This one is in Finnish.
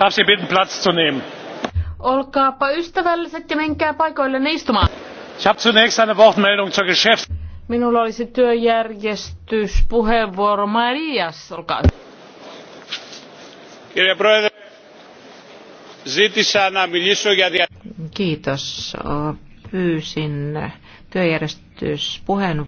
Darf Sie bitten, Platz zu nehmen. Olkaapa ystävälliset ja menkää paikoillenne istumaan. Ich habe zunächst eine Wortmeldung zur Geschäft. Minulla olisi työjärjestys, puheenvuoro Marias, olkaa hyvä. Kirja Bröder, ζήτησα να μιλήσω για Kiitos. Pyysin työjärjestyspuheenvuoron